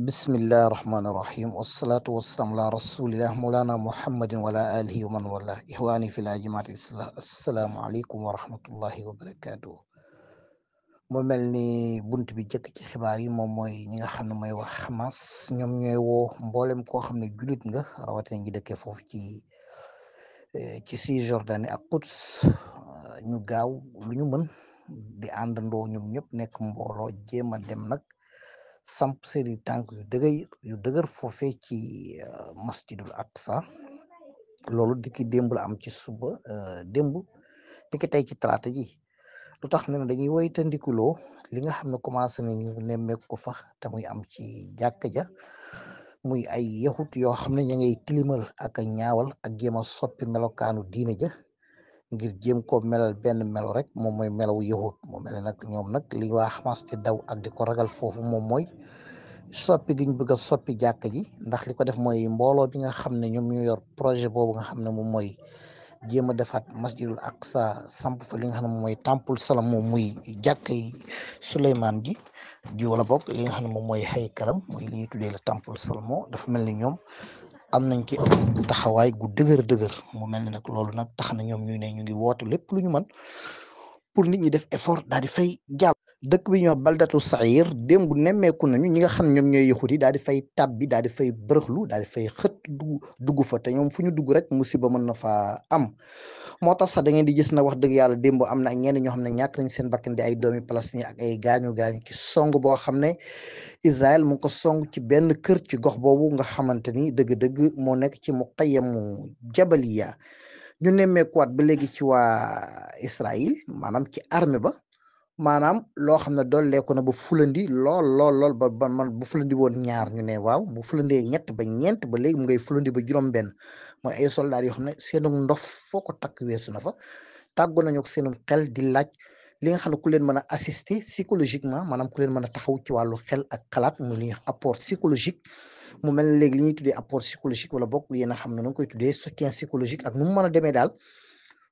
bismillahi rahmaani rahim wasalaatu wasalaam ala rasulillah mawlana muhammadin wala alihi wa man wala ihwaani fi la jamaati islah assalaamu aleykum wa rahmatullahi wa barakatuh mu mel ni bunt bi jëkk ci xibaar yi moom mooy ñi nga xam ne mooy wax Hamas ñoom ñooy woo mboolem koo xam ne julit nga rawatina ñi dëkkee foofu ci eh, ci Cisjordanie ak Quds ñu gaaw lu ñu mën di àndandoo ñoom ñëpp nekk mbooloo jéem a dem nag samp seeni tànk yu dëgëy dëgër foofee ci euh, masjidul aqsa loolu dikki démb am ci suba euh, démb dikki tey ci talaata ji lu tax ne dañuy woytandikuloo li nga xam ne commencé nañu nemmeeku ko fax te muy am ci jàkka ja muy ay yaxut yoo xam ne ña ngay tilimal ak ñaawal ak jéem a soppi melokaanu diine ja ngir jéem koo melal benn melo rek moom mooy melawu yahud mu mel nag ñoom nag li waa Hamas di daw ak di ko ragal foofu moom mooy soppi gi ñu bëgg a soppi jàkk ji ndax li ko def mooy mbooloo bi nga xam ne ñoom ñu yor projet boobu nga xam ne moom mooy jéem a defaat masjidul aqsa samp fa li nga xam ne moom mooy tempul salam moom muy jàkk yi Suleymaan ji ji wala bokk li nga xam ne moom mooy xaykalam muy li ñuy tuddee la tempul salamo dafa mel ni ñoom am nañ ci taxawaay gu dëgër dëgër mu mel ni nag loolu nag tax na ñoom ñu ne ñu ngi woote lépp lu ñu mën pour nit ñi def effort daal di fay jàll dëkk bi ñoo baldatu sair démb nemmeeku nañu ñi nga xam ñoom ñooy yaxut yi daal di fay tab bi daal di fay bërëxlu daal di fay xët dugg dugg fa te ñoom fu ñu dugg rek musiba mën na faa am moo tax sax da ngeen di gis na wax dëgg yàlla démb am na ñenn ñoo xam ne ñàkk nañ seen bakkan di ay doomi palestine ak ay gaañu gaañu ci song boo xam ne Israël mu ko song ci benn kër ci gox boobu nga xamante ni dëgg-dëgg moo nekk ci mu muqayamu jabaliya ñu nemmeekuwaat ba léegi ci waa Israël maanaam ci armée ba maanaam loo xam ne dolleeku na ba fulandi lool lool lool ba ba man bu fulandi woon ñaar ñu ne waaw bu fulandee ñett ba ñeent ba léegi mu ngay fulandi ba juróom-benn mooy ay soldats yoo xam ne seenum ndof foo ko takk weesu na fa tàggu nañu ak seenum xel di laaj li nga xam ku leen mën a assister psychologiquement maanaam ku leen mën a taxaw ci wàllu xel ak xalaat mu li apport psychologique mu ne léegi li ñuy tuddee apport psychologique wala bokk yéen a xam ne nu koy tuddee soutien psychologique ak nu mu mën a demee daal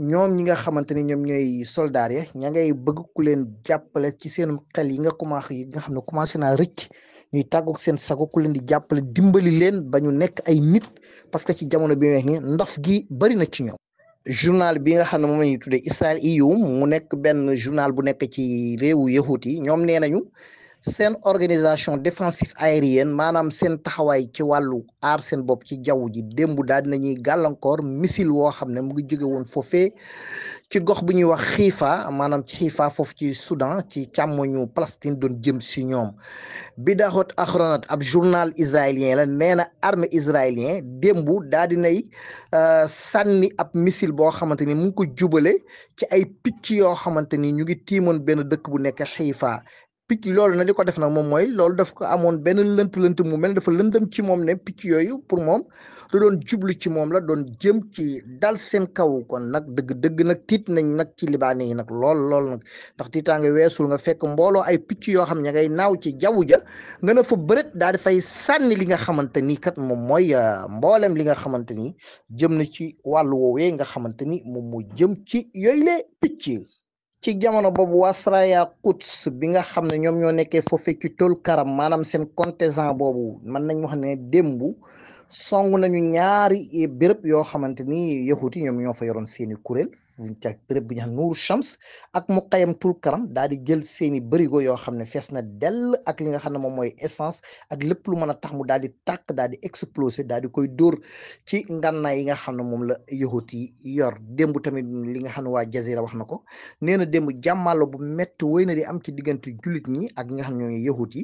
ñoom ñi nga xamante ni ñoom ñooy soldaar ya ña ngay bëgg ku leen jàppale ci seen xel yi nga commencé yi nga xam ne commencé naa rëcc ñuy tàggoog seen sago ku leen di jàppale dimbali leen ba ñu nekk ay nit parce que ci jamono bi weex ni ndof gi bari na ci ñoom journal bi nga xam ne moom la ñuy tuddee Israel Iyum e mu nekk benn journal bu nekk ci réew yahut yi ñoom nee nañu seen organisation défensive aérienne maanaam seen taxawaay ci wàllu aar seen bopp ci jaww ji démb daal dinañuy gàllankoor missile woo xam ne mu ngi jóge woon foofee ci gox bu ñuy wax xiifa maanaam ci xiifa foofu ci Soudan ci càmmoñu Palestine doon jëm si ñoom Bidahot Ahronot ab journal israélien la nee na armée israélien démb daal dinay euh, sànni ab missile boo xamante ni mu ngi ko jubale ci ay picc yoo xamante ni ñu ngi tiimoon benn dëkk bu nekk xiifa picc loolu na li ko def na moom mooy loolu daf ko amoon benn lënt lënt mu mel dafa lëndëm ci moom ne picc yooyu pour moom lu doon jublu ci moom la doon jëm ci dal seen kaw kon nag dëgg dëgg nag tiit nañ nag ci libaane yi nag lool lool nag ndax tiitaange weesul nga fekk mbooloo ay picc yoo xam ne ngay naaw ci jaww ja nga na fa bërët daal di fay sànni li nga xamante ni kat moom mooy euh, mboolem li nga xamante ni jëm na ci wàllu woowee nga xamante ni moom moo jëm ci yooyu le picc ci jamono boobu wasraya Quds bi nga xam ne ñoom ñoo nekkee foofee ci tool karam maanaam seen contingent boobu mën nañ wax ne démb song nañu ñaari béréb yoo xamante ni yahut yi ñoom ñoo fa yoroon seeni kuréel ak béréb bu ñu xam nuuru shams ak muqayyamatul karam daal di jël seeni bërigo yoo xam ne fees na dell ak li nga xam ne moom mooy essence ak lépp lu mën a tax mu daal di tàkk daal di explosé daal di koy dóor ci ngànnaay yi nga xam ne moom la yahut yi yor démb tamit li nga xam ne waa jazira wax na ko nee na démb jàmmalo bu métti wéy na di am ci diggante jullit ñi ak ñi nga xam ne ñooy yahut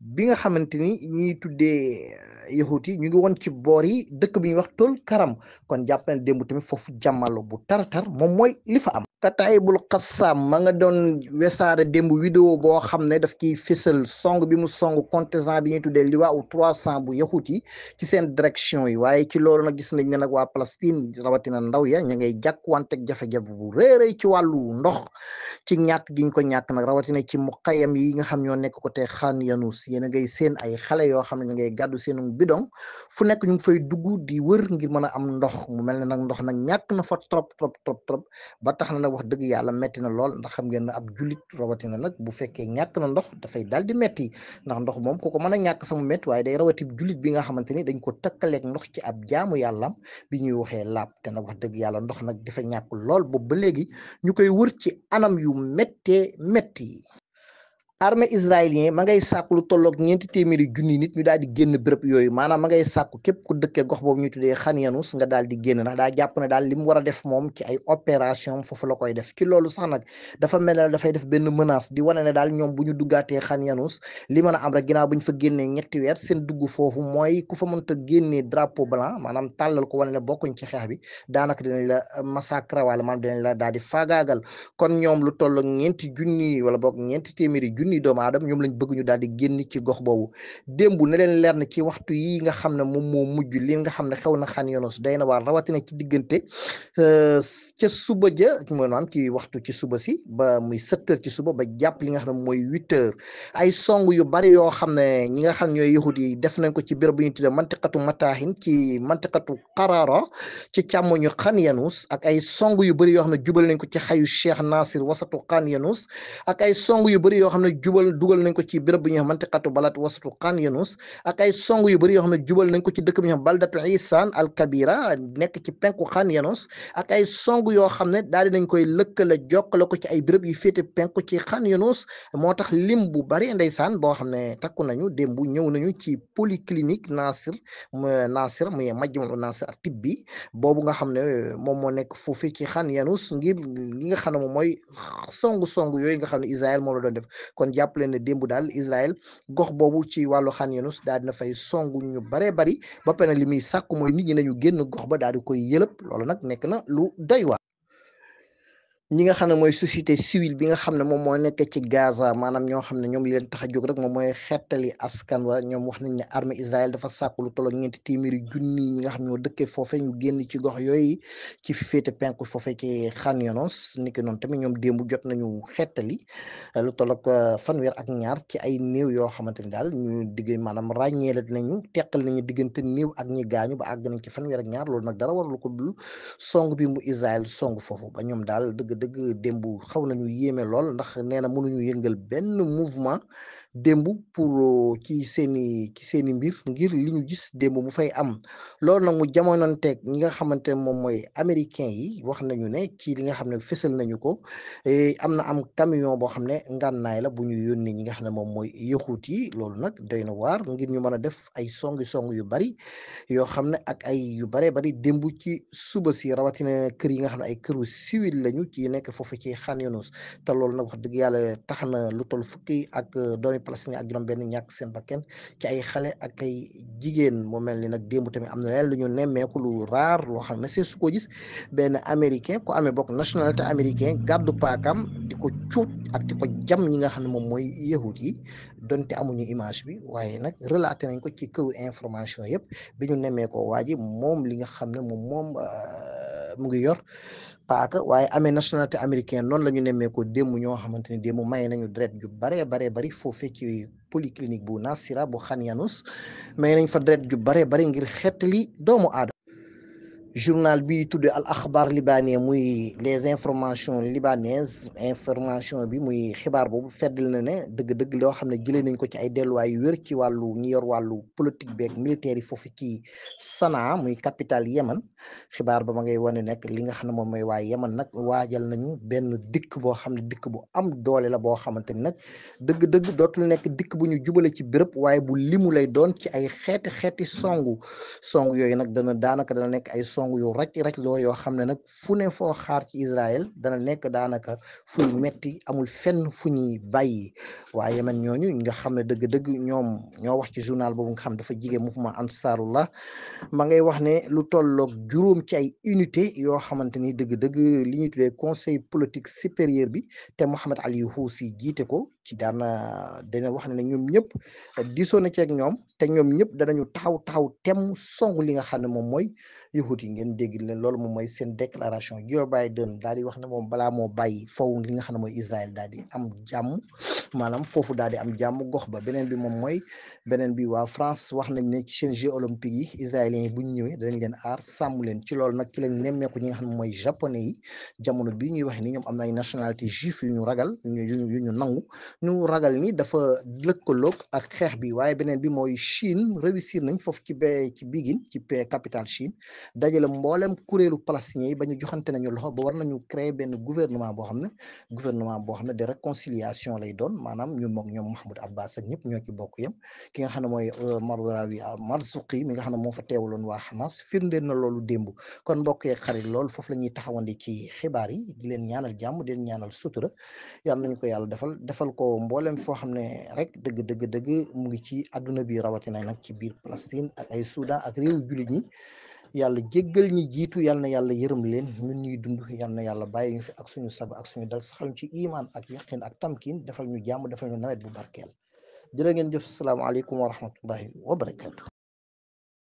bi nga xamante ni ñuy tuddee yahut ñu ngi woon ci boor yi dëkk bi ñuy wax tool karam kon jàpp na démb tamit foofu jàmmalo bu taratar moom mooy li am Kataibul Qassam ma nga doon wesaare démb vidéo boo xam ne daf kiy fësal song bi mu song contestant bi ñuy tuddee liwaa u trois cent bu yaxut yi ci seen direction yi waaye ci loolu nag gis nañ ne nag waa Palestine rawatina ndaw ya ñu ngay jàkkuwanteeg jafe-jafe bu réeréy ci wàllu ndox ci ñàkk giñ ko ñàkk nag rawatina ci muqayam yi nga xam ñoo nekk ko te Khan Yunus yéen a ngay seen ay xale yoo xam ne ñu ngay gàddu seenu bidon fu nekk ñu ngi fay dugg di wër ngir mën a am ndox mu mel ne nag ndox nag ñàkk na fa wax dëgg yàlla metti na lool ndax xam ngeen ne ab jullit rawatina nag bu fekkee ñàkk na ndox dafay daal di metti ndax ndox moom ku ko mën a ñàkk sama metti waaye day rawati jullit bi nga xamante ni dañ ko tëkkaleeg ndox ci ab jaamu yàllam bi ñuy waxee laab te nag wax dëgg yàlla ndox nag dafa ñàkk lool bo ba léegi ñu koy wër ci anam yu méttee métti armée israélien ma ngay sàkk lu tolloog ñeenti téeméeri junni nit ñu daal di génn béréb yooyu maanaam ma ngay sàkku képp ku dëkkee gox boobu ñu tuddee Khan Younis nga daal di génn na daa jàpp ne daal li mu war a def moom ci ay opération foofu la koy def ci loolu sax nag dafa mel ne dafay def benn menace di wane ne daal ñoom bu ñu duggaatee Khan Younis li mën a am rek ginnaaw bu fa génnee ñetti weer seen dugg foofu mooy ku fa mënta génnee drapeau blanc maanaam tàllal ko wane ne bokkuñ ci xeex bi daanaka dinañ la massacre wala maanaam dinañ la daal di faagaagal kon ñoom lu tolloog ñeenti junni wala book ñeenti téeméeri junni junniy doomu aadama ñoom lañ bëgg ñu daal di génn ci gox boobu démb na leer na ci waxtu yi nga xam ne moom moo mujj li nga xam ne xew na xan yonos day na waar rawatina ci diggante euh, ca suba ja maanaam ci waxtu ci suba si ba muy sept ci suba ba jàpp li nga xam ne mooy huit heures ay song yu bari yoo xam ne ñi nga xam ne ñooy yahud def nañ ko ci béréb bu ñu tuddee mantiqatu mataahin ci mantiqatu qarara ci càmmoñu xan yanus ak ay song yu bari yoo xam ne jubal nañ ko ci xayu cheikh nasir jubal dugal nañ ko ci béréb bi ñu xamante xatu balat wasatu xaan yanus ak ay song yu bëri yoo xam ne jubal nañ ko ci dëkk bi ñu xam baldatu isaan al nekk ci penku xaan yanus ak ay song yoo xam ne daal di nañ koy lëkkale jokkale ko ci ay béréb yu féete penku ci xaan moo tax lim bu bari ndeysaan boo xam ne takku nañu démb ñëw nañu ci polyclinique Nasir Nasir muy majmu Nasir ak tibbi boobu nga xam ne moom moo nekk foofu ci xaan yanus ngir li nga xam ne moom mooy song song yooyu nga xam ne Israël moo la doon def kon kon jàpp leen ne démb daal Israël gox boobu ci wàllu Khan Younis daal dina fay song ñu baree bari ba pare li muy sàkk mooy nit ñi nañu génn gox ba daal di koy yëlëb loolu nag nekk na lu doy waar ñi nga xam ne mooy société civile bi nga xam ne moom moo nekk ci Gaza maanaam xam ne ñoom leen tax a jóg rek moom mooy xettali askan wa ñoom wax nañ ne armée Israël dafa sàkku lu tolloog ñeenti téeméeri junni ñi nga xam ñoo dëkkee foofe ñu génn ci gox yooyu ci féete penku foofe ci Khan Younis niki noonu tamit ñoom démb jot nañu xettali eh, lu tolloog eh, fanweer ak ñaar ci ay néew yoo xamante ni daal ñu digg maanaam ràññeele nañu teqal nañu diggante néew ak ñi gaañu ba àgg nañ ci fanweer ak ñaar loolu nag dara waralu ko dul song bi mu Israël song foofu ba ñoom daal dëgg dëgg démb xaw na nañu yéeme lool ndax nee na mënuñu yëngal benn mouvement démb pour euh, ci seen i ci seen i mbir ngir li ñu gis démb mu fay am lool nag mu jamononteeg ñi nga xamante ne moom mooy américain yi wax nañu ne ci li nga xam ne fësal nañu ko am na am camion boo xam ne ngànnaay la bu ñu yónnee ñi nga xam ne moom mooy yaxuut yi loolu nag doy na waar ngir ñu mën a def ay songi song yu bari yoo xam ne ak ay yu bare bari démb ci suba si rawatina kër yi nga xam ne ay këru civil lañu ci nekk foofu ci Khan Younis te loolu nag wax dëgg tax na palestinien ak juróom benn ñàkk seen bakken ci ay xale ak ay jigéen mu mel ni nag démb tamit am na leen lu ñu nemmeeku lu raar loo xam ne c'est su ko gis benn américain ku amee bokk nationalité américain gàddu paakam di ko cuut ak di ko jam ñi nga xam ne moom mooy yahut yi donte amuñu image bi waaye nag relaté nañ ko ci kaw information yëpp bi ñu nemmee ko waa ji moom li nga xam ne moom moom euh, mu ngi yor paaka waaye amee nationalité américaine noonu la ñu nemmeekoo démb ñoo xamante ni démb may nañu deret ju baree baree bari foofee ci polyclinique bu Nasira bu Khan may nañ fa deret ju baree bari ngir xettali doomu aadama journal bi tudd al axbaar libanais muy les informations libanaises information bi muy xibaar boobu feddal na ne dëgg-dëgg loo xam ne jëlee nañ ko ci ay delluwaayu yu wér ci wàllu ñu yor wàllu politique beeg militaire yi foofu ci Sanaa muy capitale yeman xibaar ba ma ngay wane nekk li nga xam ne moom mooy waa yeman nag waajal nañu benn dikk boo xam ne dikk bu am doole la boo xamante ni nag dëgg-dëgg dootul nekk dikk bu ñu jubale ci bërëb waaye bu limu lay doon ci ay xeeti xeeti songu songu yooyu nag dana daanaka dana nekk ay. song yu raj raj loo yoo xam ne nag fu ne foo xaar ci Israël dana nekk daanaka fuy metti amul fenn fu ñuy bàyyi waaye man ñooñu nga xam ne dëgg-dëgg ñoom ñoo wax ci journal boobu nga xam dafa jige mouvement Ansarullah ma ngay wax ne lu tolloog juróom cay unité yoo xamante ni dëgg-dëgg li ñuy tuddee conseil politique supérieur bi te Mohamed Ali Houssi jiite ko ci daana ah, dana wax na ñoom ñëpp ah, diisoo na ci ñoom te ñoom ñëpp danañu taxaw taxaw tem song li nga xam ne moom mooy yahut yi ngeen dégg ne loolu moom mooy seen déclaration Joe Biden daal di wax ne moom balaa moo bàyyi faw li nga xam ne mooy Israël daal di am jàmm maanaam foofu daal di am jàmm gox ba beneen bi moom mooy beneen bi waa France wax nañ ne ci seen Jeux yi israéliens yi bu ñu ñëwee danañ leen aar sàmm leen ci loolu nag ci lañ nemmeeku ñi nga xam ne mooy japonais jamono bii ñuy wax ni ñoom am na ay nationalité juif yu ñu ragal yu ñu nangu ñu ragal ni dafa look a xeex bi waaye beneen bi mooy Chine réussir nañ foofu ci bee ci Beijing ci capitale Chine dajale mboolem kuréelu palestiniens yi ba ñu joxante nañu loxo ba war nañu créer benn gouvernement boo xam ne gouvernement boo xam ne de réconciliation lay doon maanaam ñun mook ñoom Mahmoud Abbas ak ñëpp ñoo ci bokk yem ki nga xam ne mooy euh, Marzawi euh, Marzuqi mi nga xam ne moo fa teewaloon waa Hamas firndeel na loolu démb kon mbokk yeeg xarit loolu foofu la ñuy taxawandi ci xibaar yi di ñaanal jàmm ñaanal sutura ko mboolem foo xam ne rek dëgg dëgg dëgg mu ngi ci àdduna bi rawatina nag ci biir Palestine ay Soudan ak réew jullit ñi yàlla jéggal ñi jiitu yàlla na yàlla yërëm leen ñun ñuy dund yàlla na yàlla bàyyi ñu fi ak suñu sab ak suñu dal saxal ci iimaan ak yaqin ak tamkin defal ñu jàmm defal ñu nawet bu barkeel jërë ngeen jëf salaamaaleykum wa rahmatullahi